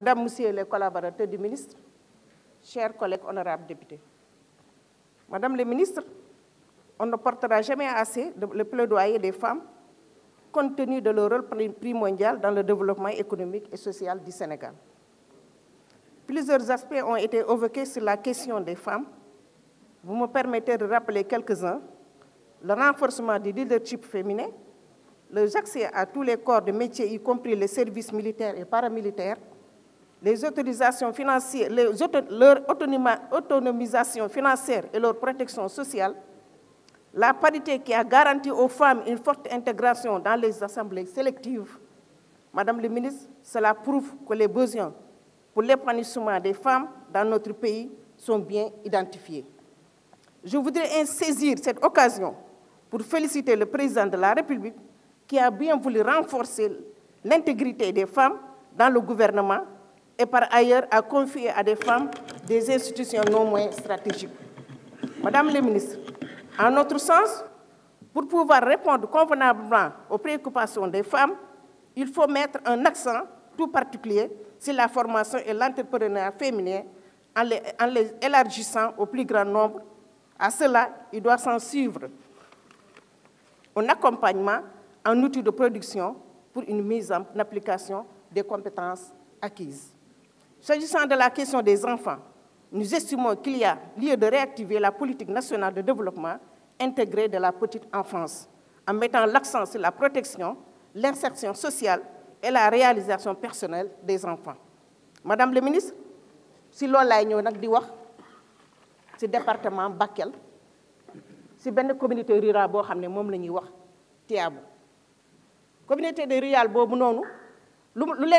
Madame, Monsieur les collaborateurs du ministre, chers collègues honorables députés, Madame la ministre, on ne portera jamais assez le plaidoyer des femmes compte tenu de leur rôle primordial dans le développement économique et social du Sénégal. Plusieurs aspects ont été évoqués sur la question des femmes. Vous me permettez de rappeler quelques-uns. Le renforcement du leadership féminin, les accès à tous les corps de métiers, y compris les services militaires et paramilitaires, les autorisations financières, leur autonomisation financière et leur protection sociale, la parité qui a garanti aux femmes une forte intégration dans les assemblées sélectives. Madame le ministre, cela prouve que les besoins pour l'épanouissement des femmes dans notre pays sont bien identifiés. Je voudrais saisir cette occasion pour féliciter le président de la République qui a bien voulu renforcer l'intégrité des femmes dans le gouvernement et par ailleurs à confier à des femmes des institutions non moins stratégiques. Madame la ministre, en notre sens, pour pouvoir répondre convenablement aux préoccupations des femmes, il faut mettre un accent tout particulier sur la formation et l'entrepreneuriat féminin en les, élargissant au plus grand nombre. À cela, il doit s'en suivre un accompagnement en outil de production pour une mise en application des compétences acquises. S'agissant de la question des enfants, nous estimons qu'il y a lieu de réactiver la politique nationale de développement intégrée de la petite enfance, en mettant l'accent sur la protection, l'insertion sociale et la réalisation personnelle des enfants. Madame la ministre, si l'on a ñëw di département Bakel C'est communauté rurale qui a dit la communauté rurale boobu noonu lu lu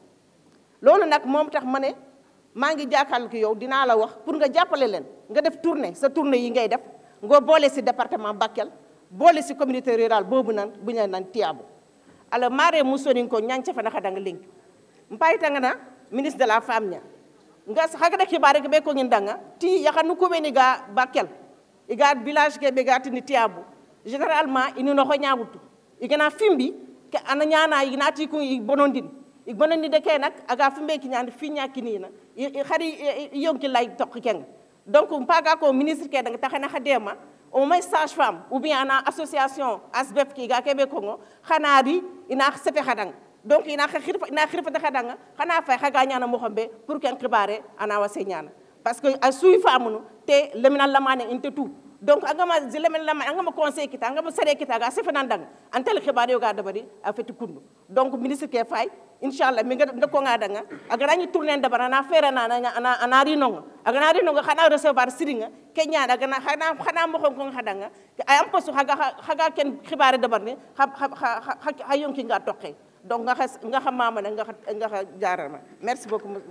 loolu nag moom tax ma ne maa ngi jàkkaarloo ki yow dinaa la wax pour nga jàppale leen nga def tournée sa tournée yi ngay def nga boole si département Bakel boole si communauté rurale boobu nan bu ñu nan Tiyabo ala maare mu sonin ko ñancafana xadanga lenki mpayitangana ministre de la femme ña nga hakada kibare ke be ko ngindanga ti yakanu ko weni ga Bakel iga village ke be gatini Tiyabo généralement inu no ko ñaawutu igana fimbi ke ana ñana igna ti ku bonondin gonani deke nak aga fumbe kinyani fi nyakinina khari yonki lay tok keng donc mpaga ko ministre ke dang taxana khadema au moins sage femme ou bien ana association asbef ki ga kebe kongo khana ri ina sefe khadang donc ina khirfa ina khana fay khaga nyana mo pour ken khibare ana wase nyana parce que a suifa amunu te leminal lamane donc angama zilemen lama angama conseil kita angama sere kita ga sefe nan dang antel xibar yo ga dabari a feti kundu donc ministre ke fay inshallah mi nga ndako nga danga agara ni tourner dabara na ana ri nonga agana ri nonga xana recevoir siringa ke nyaada gana xana xana mo ko xadanga ay am posu xaga xaga ken yonki nga tokke donc nga nga xamama nga nga merci beaucoup